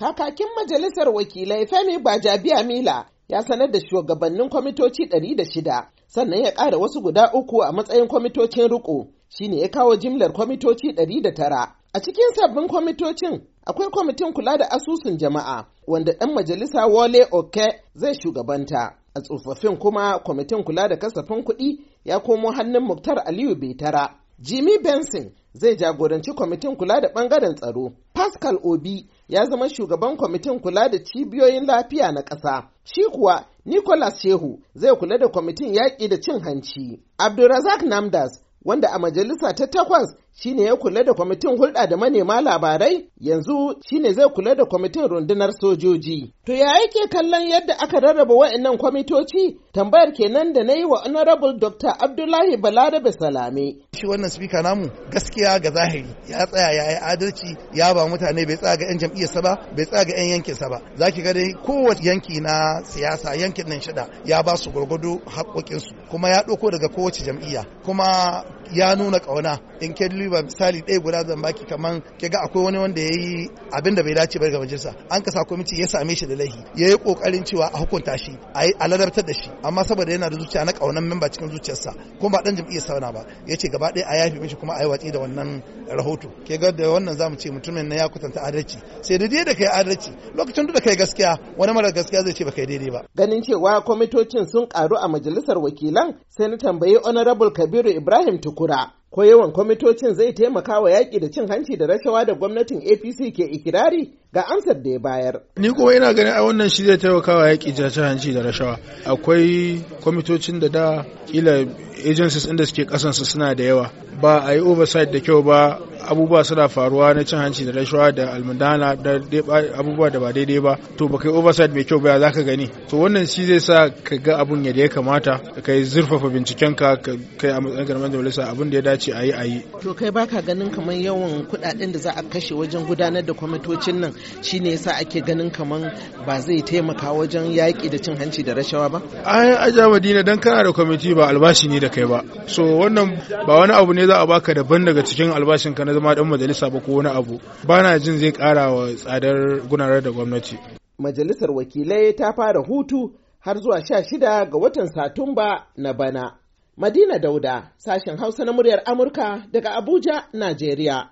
Kakakin Majalisar Wakilai Femi Gbajabiya Mila ya sanar da shugabannin kwamitoci 106 sannan ya ƙara wasu guda uku a matsayin kwamitocin riko shine ya kawo jimlar kwamitoci 109 a cikin sabbin kwamitocin akwai kwamitin kula da asusun jama'a wanda ɗan majalisa wole oke zai shugabanta a tsofaffin kuma kwamitin kula da kasafin kuɗi ya komo hannun muktar aliyu betara jimmy benson zai jagoranci kwamitin kula da bangaren tsaro. Pascal Obi ya zama shugaban kwamitin kula da cibiyoyin lafiya na ƙasa. Shi kuwa Nicholas Shehu zai kula da kwamitin yaƙi da cin hanci. Abdulrazak Namdas wanda a majalisa ta takwas shine ya kula da kwamitin hulɗa da manema labarai yanzu shine zai kula da kwamitin rundunar sojoji. To ya yake kallon yadda aka rarraba wa'annan kwamitoci tambayar kenan da na yi wa Honorable Dr. Abdullahi Balarabe Salame shi wannan speaker namu gaskiya ga zahiri ya tsaya ya yi adalci ya ba mutane bai tsaya ga 'yan jam'iyyarsa ba bai tsaya ga 'yan yankinsa ba za ki ga dai kowace yanki na siyasa yankin nan shida ya ba su gwargwado haƙoƙinsu kuma ya ɗauko daga kowace jam'iyya kuma ya nuna ƙauna in ke ba misali ɗaya guda zan baki kaman ke ga akwai wani wanda ya yi abin da bai dace ba ga majalisa an kasa kwamiti ya same shi da laihi ya yi ƙoƙarin cewa a hukunta shi a yi aladartar da shi amma saboda yana da zuciya na ƙaunar memba cikin zuciyarsa kuma ba ɗan jam'iyyar sauna ba ya ce gaba ɗaya a yafi mishi kuma a yi watsi da wannan rahoto ke ga da wannan zamu ce mutumin na ya kwatanta adalci sai da da kai adalci lokacin da kai gaskiya wani mara gaskiya zai ce ba kai daidai ba ganin cewa kwamitocin sun karu a majalisar wakilan sai na tambayi honorable kabiru ibrahim tuku kura ko yawan kwamitocin zai taimaka wa yaƙi da cin hanci da rashawa da gwamnatin apc ke ikirari ga amsar da ya bayar ni kuma ina ganin a wannan shi zai taimaka wa yaƙi da cin hanci da rashawa akwai kwamitocin da da kila agencies inda suke kasansu suna da yawa ba a yi oversight da kyau ba abubuwa suna faruwa na cin hanci da rashawa da almundana da abubuwa da ba daidai ba to ba kai oversight mai kyau ba za ka gani to wannan shi zai sa ka ga abun yadda ya kamata ka yi zurfafa binciken ka kai a matsayin garman majalisa abin da ya dace a yi a yi. to kai baka ganin kamar yawan kuɗaɗen da za a kashe wajen gudanar da kwamitocin nan shi shine yasa ake ganin kamar ba zai taimaka wajen yaƙi da cin hanci da rashawa ba. ai aja madina dan kana da kwamiti ba albashi ne da kai ba so wannan ba wani abu ne za a baka daban daga cikin albashin ka na zama dan majalisa ba ko wani abu ba na jin zai ƙara wa tsadar gunarar da gwamnati. Majalisar wakilai ta fara hutu har zuwa sha shida ga watan Satumba na bana. Madina Dauda, sashen Hausa na muryar Amurka daga Abuja, Najeriya.